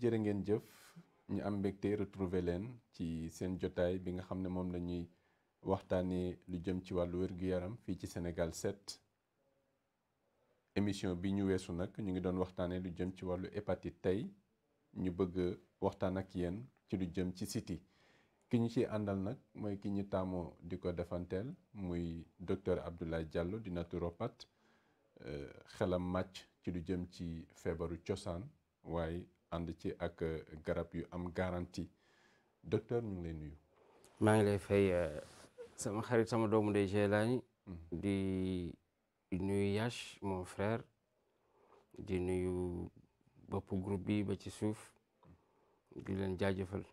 jëre ngeen jëf ñu am mbégte retrouver leen ci seen jotaay bi nga xam ne moom lañuy ñuy waxtaanee lu jëm ci wàllu wér-gu-yaram fii ci senegal 7 émission bi ñu weesu nag ñu ngi doon waxtaanee lu jëm ci wàllu hépatite tey ñu bëgg waxtaan ak yéen ci lu jëm ci siti ki ñu ci àndal nag mooy ki ñu taamoo di ko defanteel muy docteur Abdoulaye Diallo di naturopathe euh, xelam màcc ci lu jëm ci feebaru cosaan waaye ànd ci ak euh, garab yu am garantie docteur ñu ngi nuyu. maa ngi lay fay euh, sama xarit sama doomu ndey Jelani mm-hmm. di nuyu Yash mon frère di nuyu bopp groupe bi ba ci suuf di leen jaajëfal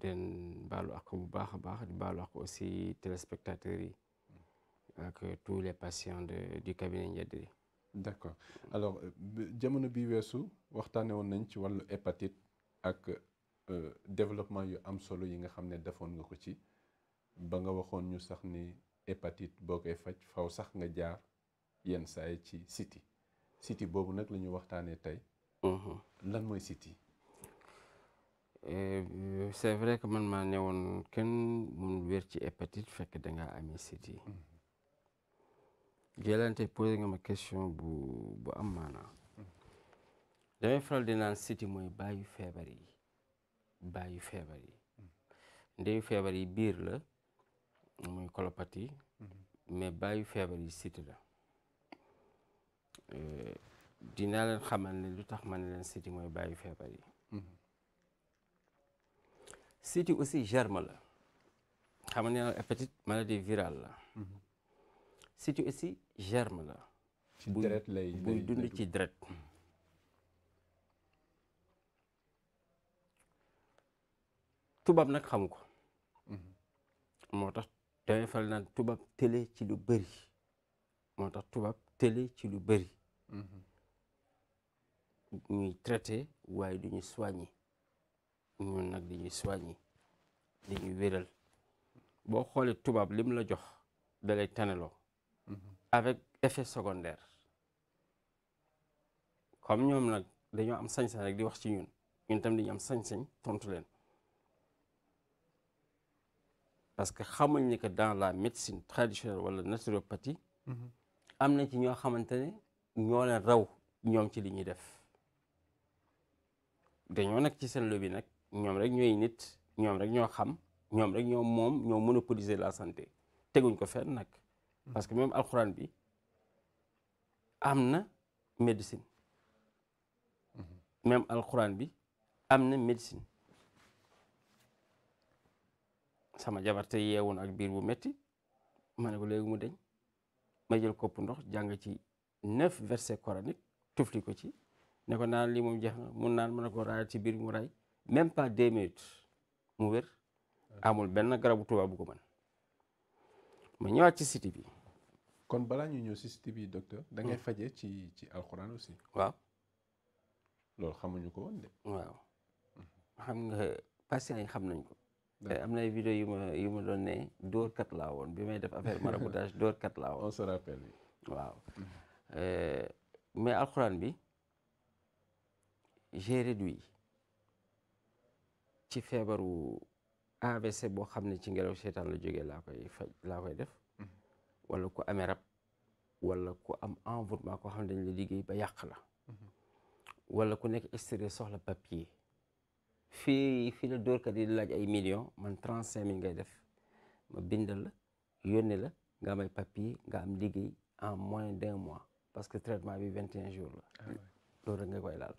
den baalu ak bu baax a baax di baalu ak aussi téléspectateurs yi mm-hmm. ak tous les patients de du cabinet Ndiadri d' accord alors euh, jamono bi weesu waxtaane woon nañ ci wàllu hépatite ak euh, développement yu am solo yi nga xam ne defoon nga ko ci ba nga waxoon ñu sax ni hépatite boo koy faj faw sax nga jaar yenn saay ci siti siti boobu nag la ñu waxtaanee tey mhm. lan mooy siti eh, c' est vrai que man maa ne woon kenn mun weer ci hépatite fekk dangaa amee siti mm. Jëlante posé nga ma question bu bu am maanaa damay faral di naan siti mooy bàyyi feebar yi bàyyi feebar yi ndeyu feebar yi biir la muy kolopati mais bàyyi feebar yi siti la eh, dinaa leen xamal ne lu tax man ne leen siti mooy bàyyi feebar yi siti aussi germe la xam ne neenal hépatite maladie virale la situ aussi germe la. ci deret buy dund ci dret tubab nag xamu ko. Mhm. moo tax damay faral naan tubaab télé ci lu bëri. moo tax tubaab télé ci lu bëri. Mhm. ñuy traité waaye du ñu soigné ñun nag dañuy soigné dañuy wéral boo xoolee tubaab lim la jox dalay taneloo avec effet secondaire comme ñoom nag dañoo am sañ rek di wax ci ñun ñun dañu am sañ-sañ tontu leen parce que xamuñ ni que dans la médecine traditionnelle wala naturopathie mhm. am na ci ñoo xamante ne ñoo leen raw ñoom ci li ñuy def dañoo nag ci seen lobby nag ñoom rek ñooy nit ñoom rek ñoo xam ñoom rek ñoo moom ñoo monopoliser la santé teguñ ko feet nag Mm-hmm. parce que même alxuraan bi am na médecine. Mm-hmm. même alxuraan bi am na médecine. sama jabar te yeewoon ak biir bu metti ma ne ko léegi mu deñ ma jël kopp ndox jàng ci neuf versets coraniques tufli ko ci ne ko naan lii moom jeex na mun naan mën ko raayal ci biir mu raay même pas deux minutes mu wér amul benn garabu tubaab bu ko mën ma ñëwaat ci siti bi kon balaa ñu ñëw si si tibb yi docteur. da ngay hmm. fajee ci ci alxuraan aussi. waaw. loolu xamuñu ko woon waaw hmm. xam nga patients yi xam nañ ko. Eh, am na ay vidéo yu ma yu ma doon ne door laa woon bi may def affaire maraboutage dóorkat laa woon. on se rappelle. waaw hmm. eh, bi j'ai réduit ci feebaru AVC boo xam ne ci ngelaw seetaan la jógee laa koy laa koy def. wala ku amee rab wala ku am envoûtement koo xam ne dañ la liggéey ba yàq la mm-hmm. wala ku nekk extérieur soxla papier fii fii la dóorkat yi di laaj ay million man trente cinq mille ngay def ma bindal la yónne la nga am ay papier nga am liggéey en moins d' un mois parce que traitement bi vingt et un jours la ah loolu rek nga koy laal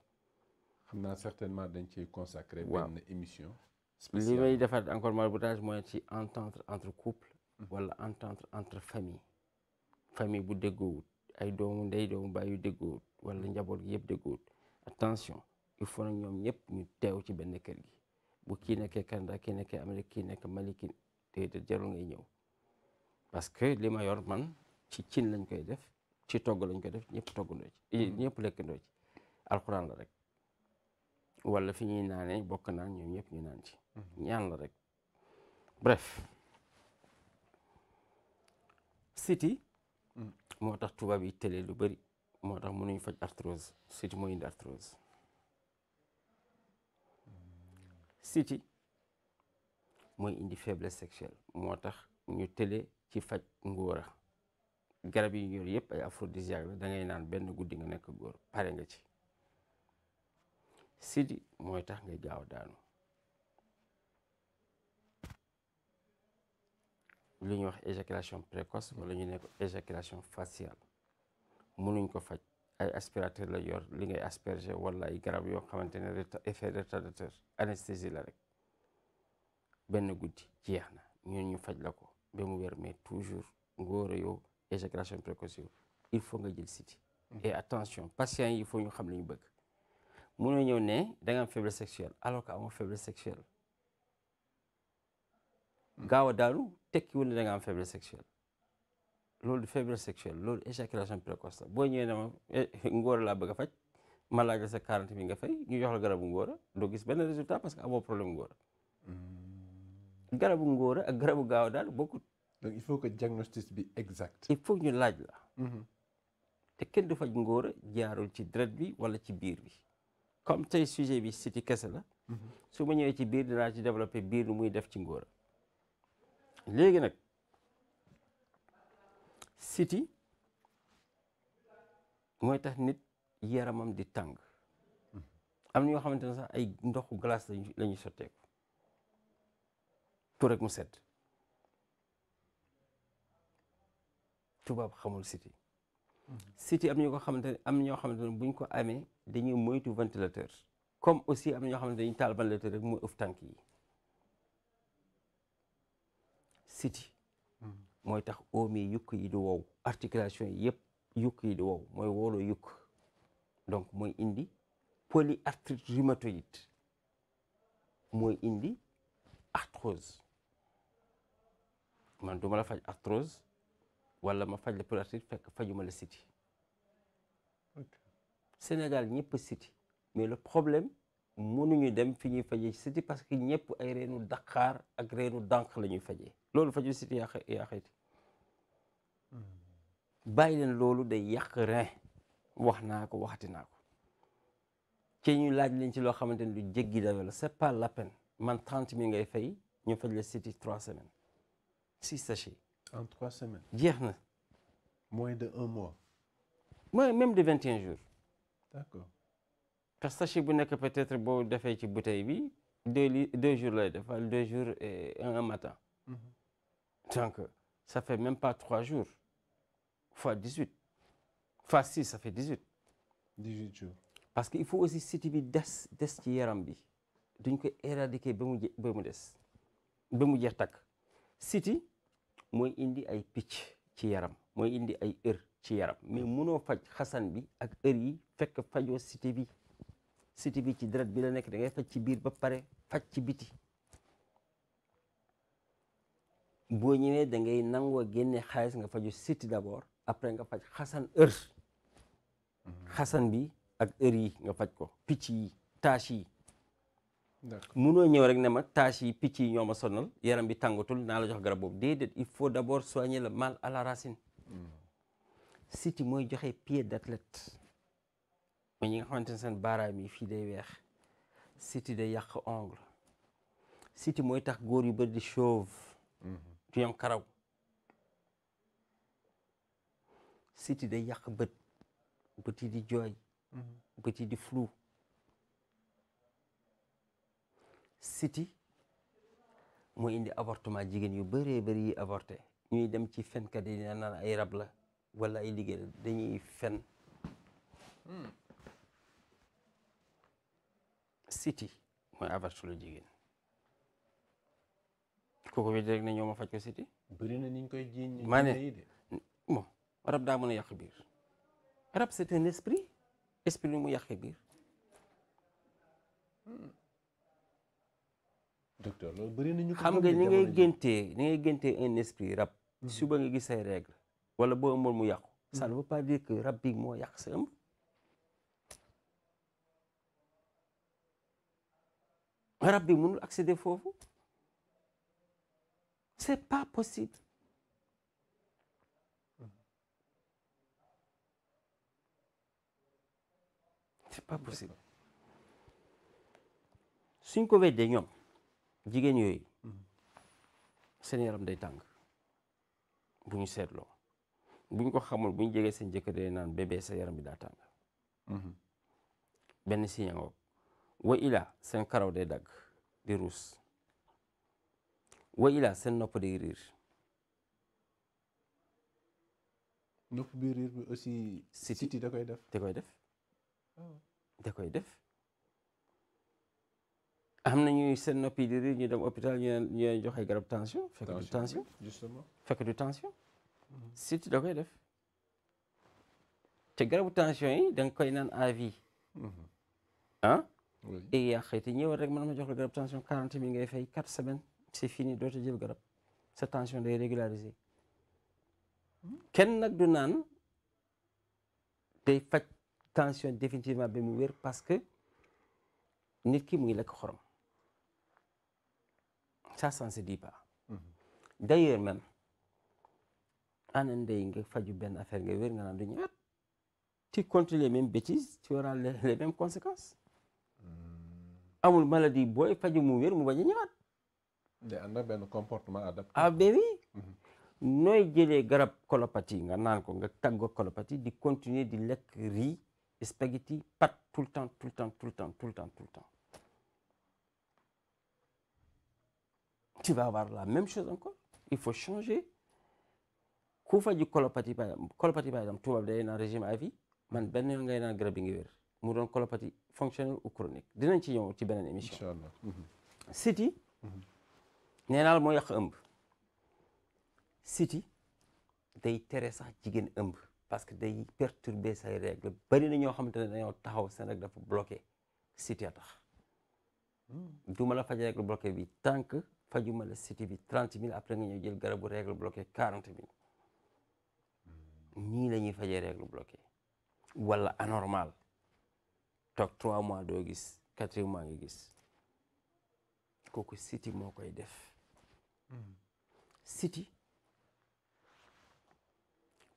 xam naa certainement dañ ciy consacrer benn émission spéciale li may defaat encore malboutage mooy ci entente entre couple wala entente entre famille famille bu déggoowut ay doomu ndey doomu baay yu déggoowut wala njaboot gi yëpp déggoowut attention il faut nag ñoom ñëpp ñu teew ci benn kër gi bu kii nekkee Canada kii nekkee Amérique kii nekk Mali te jarul ngay ñëw parce que li ma man ci cin lañ koy def ci togg lañ ko def ñëpp toggandoo ci hmm. ñëpp lekkandoo ci alxuraan la rek wala fi ñuy naanee bokk naan ñoom ñëpp ñu naan ci hmm. ñaan la rek siti mm. moo tax tubaab yi tele lu bari moo tax mënuñ faj arthrose siti mooy indi arthrose siti mooy indi faiblesse sexuelle moo tax ñu tele ci faj ngóora garab yi ñor yëpp ay aphrodisiaque la da ngay naan benn guddi nga nekk góor pare nga ci siti mooy tax ngay gaaw daanu li ñuy wax éjaculation précoce wala ñu ne ko éjaculation faciale mënuñ ko faj ay aspirateur la yor li ngay asperger wala ay garab yoo xamante ne effet retardateur anesthésie la rek benn guddi jeex na ñun ñu faj la ko ba mu wér mais toujours ngóor a yow éjaculation précoce yow il faut nga jël siti et attention patients yi il faut ñu xam li ñu bëgg mënoo ñëw ne da nga am faiblesse alors que amoo faiblesse sexuelle Mm-hmm. gaaw a daanu tekkiwul ne nga am faiblesse sexuelle loolu du faiblesse sexuelle loolu éjaculation précoce la boo ñëwee ne ma eh, ngóor laa bëgg a faj ma laaj la sa quarante mille nga fay ñu jox la garabu ngóor doo gis benn résultat parce que amoo problème ngóor mm. garabu ngóor ak garabu gaaw a daanu bokkut. donc il faut que diagnostic bi exact. il faut ñu laaj la. Mm-hmm. te kenn du faj ngóor jaarul ci deret bi wala ci biir bi comme tey sujet bi siti kese la. Mm-hmm. su ma ñëwee ci biir dinaa ci développé biir muy def ci ngóor. léegi nag siti mooy tax nit yaramam di tàng mm-hmm. am na ñoo xamante ne sax ay ndoxu glace la lañuy sotteeku tu rek mu sedd tubaab xamul siti mm-hmm. siti am na ñu ko ne am ñoo xamante ne buñ ko amee dañuy moytu ventilateur comme aussi am na ñoo xamante ne dañu taal ventilateur rek mooy ëf tànk yi siti mooy tax oom yi yukk yi di wow articulation yi yëpp yukk yi di wow mooy wooloo yukk donc mooy indi polyarthrite rhumatoïde mooy indi arthrose man du ma la faj arthrose walla ma faj la polyarthrite fekk fajuma la siti Sénégal ñëpp siti mais le problème mënuñu dem fi ñuy fajee ci siti parce que ñëpp ay reenu daqaar ak reenu dànq la ñuy fajee loolu faju siti yàq yàqati bàyyi leen loolu day yàq rein wax naa ko waxati naa ko ci ñu laaj leen ci loo xamante ne lu jéggi dawe la c'est pas la peine man trente mille ngay fay ñu faj la siti trois semaines six sachets en trois semaines jeex na moins de un mois moins même de vingt et un jours d'accord parce que bu nekk peut-être boo defee ci bouteille bi deux li deux jours lay def wala deux jours et un matin. Mm-hmm. donc ça fait même pas trois jours fois dix huit fois six ça fait dix huit. parce que il faut aussi siti bi des des ci yaram bi duñ koy éradiquer ba mu je mu des ba mu jeex takk siti mooy indi ay picc ci yaram mooy indi ay ër ci yaram mais munoo faj xasan bi ak ër yi fekk fajoo siti bi. siti bi ci deret bi la nekk da ngay faj ci biir ba pare faj ci biti boo ñëwee da ngay nangoo génne xaalis nga faju siti d'abord après nga faj xasan heure mhm. xasan bi ak heure yi nga faj ko picc yi tâche yi munoo ñëw rek ne ma tâche yi picc yi ñoo ma yaram bi tàngatul naa la jox garab boobu déedéet il faut d'abord soigner le mal à la racine siti mhm. mooy joxe pied d'athlète mooy ñi nga xamante ne seen baaraam yi fii day weex siti day yàq ongle siti mooy tax góor yu bëri di chauve mhm. du ñam karaw siti day yàq bët bët yi di jooy mhm. bët yi di flou siti mooy indi avortement jigéen yu bëree bari yi avorté ñuy dem ci fenkat yi dina naan ay rab la wala ay liggéey dañuy fen hmm. siti mooy avortu lu jigéen kooku wéy rek ne ñoo a faj ko siti bëri na niñ koy jiiñ maa ne bon rab daa mën yàq biir rab c'est un esprit esprit mu yàqee biir docteur bëri na xam nga ni ngay géntee ni ngay géntee un esprit rab hmm. suba nga gis say règle wala boo ëmboon mu yàqu ça hmm. ne veut pas dire rab bi moo yàq sa ëmb rab bi mënul accéder foofu c'est pas possible c'est pas suñ ko weddee ñoom jigéen yooyu seen yaram day tàng bu ñu seetloo bu ñu ko xamul bu ñu jegee seen jëkkër day naan bébé sa yaram bi daa tàng mhm. benn si yangoog wa'ila sen karawɗe dag ɗi rus wa'ila sen noppa ɗi rir nopp bi rir bi aussi siti da koy def da koy def oh. da koy def am na ñuy seen noppi di rir ñu dem hôpital ñu leen joxe garab tension fekk du tension justement fekk du tension mhm. siti da koy def te garabu tension yi da nga koy naan à vie mhm. ah? léegi yaa xëy te ñëwal rek man ma jox la garab tension 40 mille ngay fay 4 semaines c'est fini dootu jël garab sa tension day régulariser kenn nag du naan day faj tension définitivement ba mu wér parce que nit ki mu ngi lekk xorom ça ça ne se dit pas. Mhm. d'ailleurs même ana ndey nga faju benn affaire nga wér nga naan du ñëwaat. tu continues les mêmes bêtises tu auras les mêmes conséquences. amul maladie booy faju mu wér mu bañ a ñëwaat. day ànd ak benn comportement adapté. ah ben oui. Mhm. nooy jëlee garab colopathie nga naan ko nga tàggoo colopathie di continuer di lekk riz spaghetti pâtes tout le temps tout le temps tout le temps tout le temps tout le temps. tu vas avoir la même chose encore il faut changer ku faju colopathie par exemple colopathie par exemple tubaab day naan régime à vie man benn yoon ngay naan garab yi ngi wér. mu doon colopathie fonctionnelle ou chronique dinañ ci ñëw ci beneen émission. incha allah mhm. siti. Mhm. nee moo yàq ëmb. siti day tere sax jigéen ëmb parce que day perturber say règles bari na ñoo xamante ne dañoo taxaw seen rek dafa bloqué a tax. Hmm. du ma la faj règle bloqué bi tant que fajuma la siti bi trente mille après nga ñëw jël garabu règle bloqué quarante mille. Hmm. nii la ñuy fajee règle bloqué. wala anormal toog trois mois doo gis quatrième mois nga gis kooku siti moo koy def siti hmm.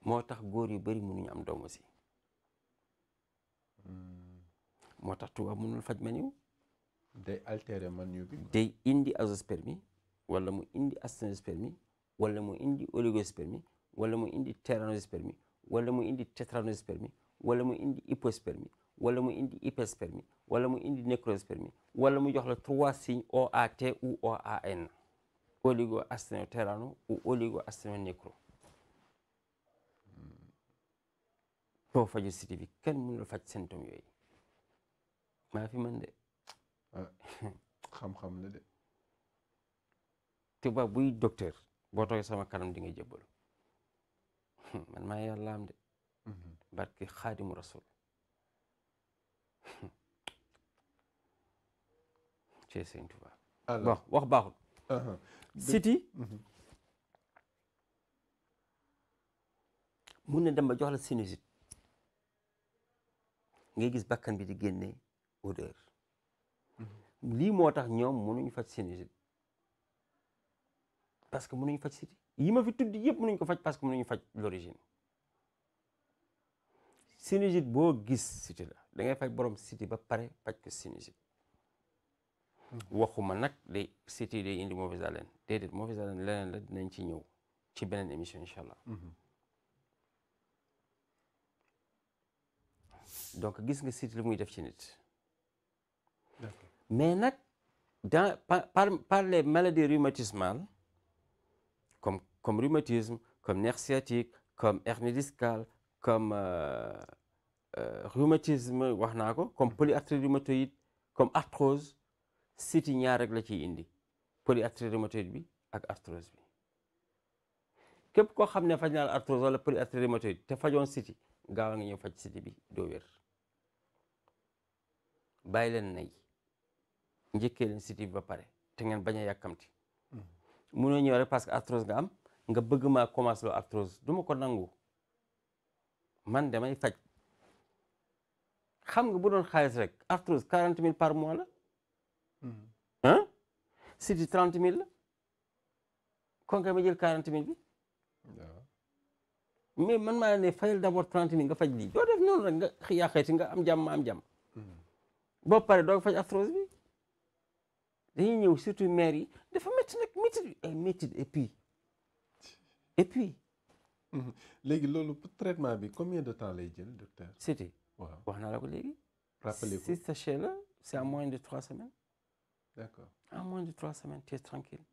moo tax góor yu bëri mënuñu am doom aussi hmm. moo tax tubaab mënul faj maniw day altérer maniw bi day indi azoospermie wala mu indi asthénospermie wala mu indi oligospermie wala mu indi tératospermie wala mu indi tétranospermie wala mu indi hypospermie wala mu indi hyperspermie wala mu indi nécrospermie wala mu jox la trois signes OAT ou OAN oligo-asténo-térano ou oligo-asténo-nécro too faju siti bi kenn mënu la faj symptôme yooyu maa fi mën de ah, xam-xam la de tubaab buy docteur boo toogee sama kanam di nga jébbalu man maa yàlla am de mhm. barki xaadimu rasul ci Sëñ Tuubaa bon wax baaxul siti uh-huh. mm-hmm. mun na dem ba jox la sinusite ngay gis bakkan bi di génne odeur mm-hmm. lii moo tax ñoom mënuñ faj sinusite parce que mënuñ faj siti yi ma fi tudd yëpp mënuñ ko faj parce que mënuñ faj l'origine sinusite boo gis siti la da ngay borom siti ba pare faj ko sinusite ma nag day siti day indi mauvaise haleine déedéet mauvaise haleine leneen la dinañ ci ñëw ci beneen émission incha allah mhm. donc gis nga siti li muy def ci mais nag dans par par les maladies rhumatismales comme comme rhumatisme comme nerf sciatique comme hernie comme euh, euh, rhumatisme wax naa ko comme mm-hmm. polyarthrite rhumatoïde comme arthrose siti ñaar rek la ciy indi polyarthrite rhumatoïde bi ak arthrose bi képp koo xam ne faj naa la arthrose wala polyarthrite rhumatoïde te fajon siti gaaw nga ñëw faj siti bi doo wér bàyyi leen nay njëkkee leen siti bi ba pare te ngeen bañ a yàkkamti mm-hmm. munoo ñëw rek parce que arthrose nga am nga bëgg maa commencé loo arthrose du ma ko nangu man damay faj xam nga bu doon xaalis rek arthrose quarante mille par mois la ah hmm. siti trente mille la kon nga ma jël quarante mille bi mais man maa ne fayal d'abord trente mille nga faj lii doo def noonu rek nga yaa xeeti nga am jàmm ma am jàmm hmm. boo doo faj arthrose bi dañuy ñëw surtout maire yi dafa métti nag métti ay métti et puis Mhm. léegi loolu traitement bi comme combien de temps lay jël docteur. cité waaw wax naa la ko léegi. rappelé ko cest sachet la c' moins de trois semaines. d' accord en moins de trois semaines tu es tranquille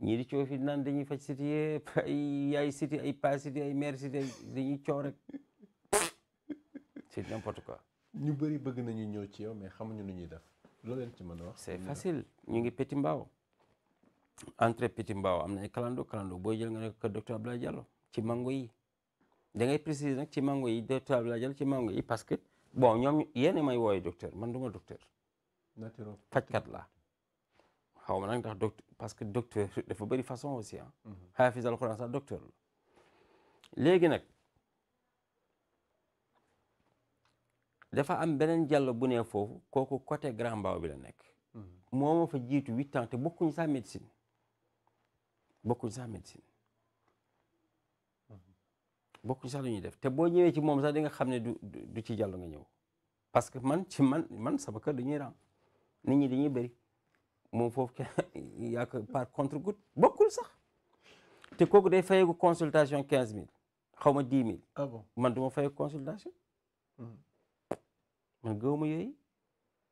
ñii di coow fi naan dañuy faj cité yëpp ay yaay cité ay pas cité ay mère cité dañuy coow rek c' est n' importe ñu bëri bëgg nañu ñëw ci yow mais xamuñu nu ñuy def loolu leen ci mën a wax. c' est facile ñu ngi Petit Mbao. entrée Petit Mbao am nañu calando calando boo jël nga ne ko docteur Abdoulaye Diallo. ci mango yi da ngay préciser nag ci mango yi deux tables laa jël ci mango yi parce que bon ñoom yéen may wooye docteur man du ma docteur. la fajkat laa. xaw ma nag ndax docteur parce que docteur dafa bëri façon aussi ah. Mhm. xaafis sa sax docteur léegi nag dafa am beneen jàll bu ne foofu kooku côté Grand Mbao bi la nekk. Mhm. moo ma fa jiitu huit ans te bokkuñ sax médecine bokkuñ sax médecine. bokkuñ sax lu ñuy def te boo ñëwee ci moom sax di nga xam ne du du ci jàll nga ñëw parce que man ci man man sama kër dañuy ram nit ñi dañuy bëri moom foofu kenn par contre goutte bokkul sax te kooku day fayeeku consultation quinze mille xaw ma dix mille ah bon man du ma fayeeku consultation hmm. man gëwuma yooyu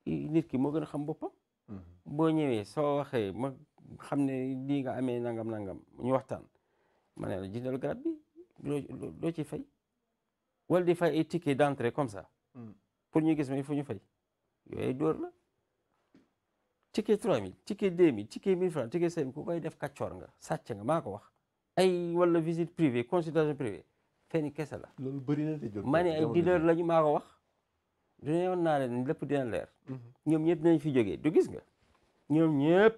nit ki moo gën a xam boppam hmm. boo ñëwee soo waxee ma xam ne lii nga amee nangam nangam ñu waxtaan ma ne la jëndal garab bi loo ci fay wala di fay ay ticket d'entrée comme ça hmm. pour ñu gis ma ni faut ñu fay yooyu ay dóor la ticket 3000 ticket 2000 ticket 1000 francs ticket 5000 ko koy def kàccoor nga sàcc nga maa ko wax ay wala visite privée consultation privée fenn kese la. loolu bëri na te jot ma ne ay dealer lañu maa ko wax. du ne woon naa leen lépp dina leer. Mhm. ñoom ñëpp dinañ fi jógee du gis nga. ñoom ñëpp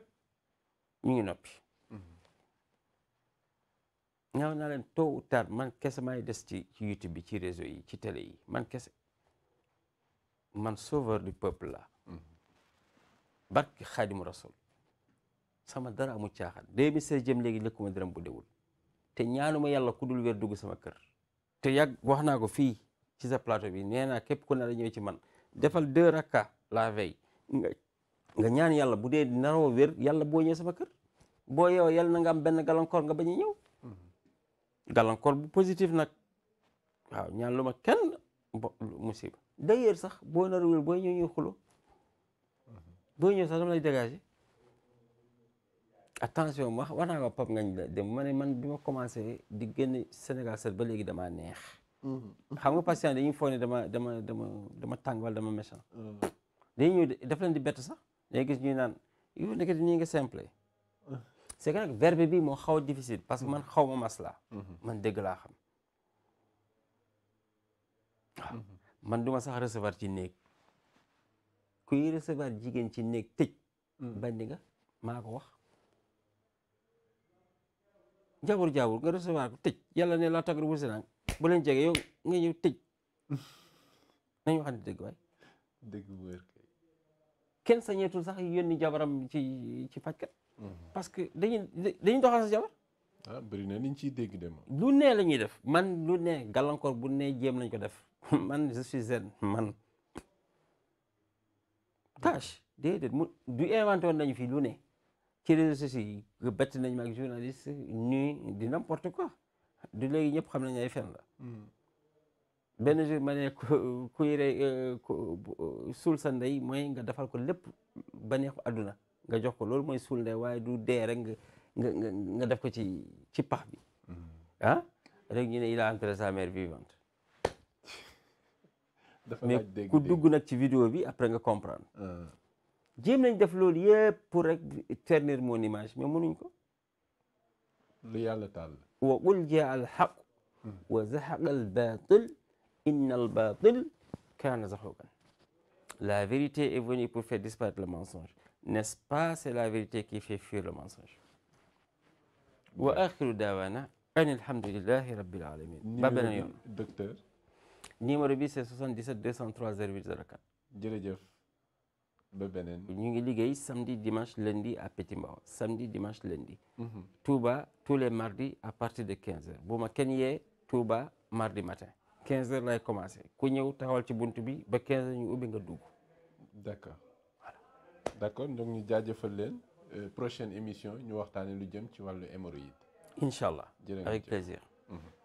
ñu ngi nop ñaaw naa leen tôt ou tard man kese maay des ci ci YouTube bi ci réseau yi ci télé yi man kese man sauveur du peuple la mm-hmm. barki xaadimu rasul sama dara amu da 2016 jëm léegi lekkuma dërëm bu dewul te ñaanuma yàlla ku dul wér dugg sama kër te yàgg wax naa ko fii ci sa plateau bi nee naa képp ku nar a ñëw ci man defal deux rakka la veille nga ñaan yàlla bu dee naroo wér yàlla boo ñëw sama kër boo yow yàlla na am benn gàllankoor nga bañ ñëw gàllankoor bu positif nag waaw ñaan lu ma kenn bo musiba d'ailleurs sax boo narawul booy ñëw ñuy xulo boo ñëw sax dama lay dégager attention ma wax naa ko Pape Ngagne dem ma man bi ma commencé di génn Sénégal set ba léegi damaa neex mm-hmm. xam nga patient dañuy foog ne dama dama dama dama tàng wala dama méchant mm. dañuy ñëw daf leen di bett sax day gis ñuy naan yow nekk di nii nga simple c'est que nag bi moo xaw a difficile parce que man xaw ma maslaa mhm. man dëgg laa xam waaw mhm. man duma sax recevoir ci néeg kuy recevoir jigéen ci néeg tëj mhm. bandi nga maa ko wax jaabur jaabur nga recevoir ko tëj yàlla ne laa tagru bu sinaan bu leen jege yow nga ñëw tëj nañu waxante dëgg dëgg bu wér kenn sañeetul sax yónni jabaram ci ci parce que dañuy dañuy doxal jabar. ah na liñ ciy dégg de ma. nee la ñuy def man lu nee gàllankoor bu ne jéem nañ ko def man je suis zen man tâche déedéet mu du inventé woon nañu fii lu ne ci réseaux sociaux yi bett nañ ma ak journaliste ñuy di n'importe quoi du léegi ñëpp xam nañ ay fen la. Hmm. benn jour ma ne ku euh, ku yore euh, suul sa ndey mooy nga defal ko lépp ba neex àdduna. nga jox ko loolu mooy suul ndey waaye du dee rek nga nga def ko ci ci pax bi mm-hmm. ah rek ñu ne il a enterré sa mère ku dugg nag ci video bi après nga comprendre ah. jéem nañ def loolu yëpp pour rek ternir mon image mais mënuñ ko lu yàlla taal wa qul jaa al xaq wa zahaqa al batil inna al batil kaana zahuqan la vérité est venue pour faire disparaître le mensonge n'est-ce la vérité qui fait fuir le mensonge wa axiru daawaana an alhamdulillahi rabbil alamin ba beneen yoon docteur numéro bi c'est 77 203 08 04 jërëjëf ba beneen ñu ngi liggéey samedi dimanche lundi a Petit Mbao samedi dimanche lundi mhm. Touba tous les mardis à partir de 15 heures bu ma kenn yee Touba mardi matin 15 heures lay commencé ku ñëw taxawal ci bunt bi ba 15 heures ñu ubbi nga dugg d'accord ñoo ngi ñu jaajëfal leen euh, prochaine émission ñu waxtaanee lu jëm ci wàllu hémorroïde. incha allah avec plaisir. Mhm.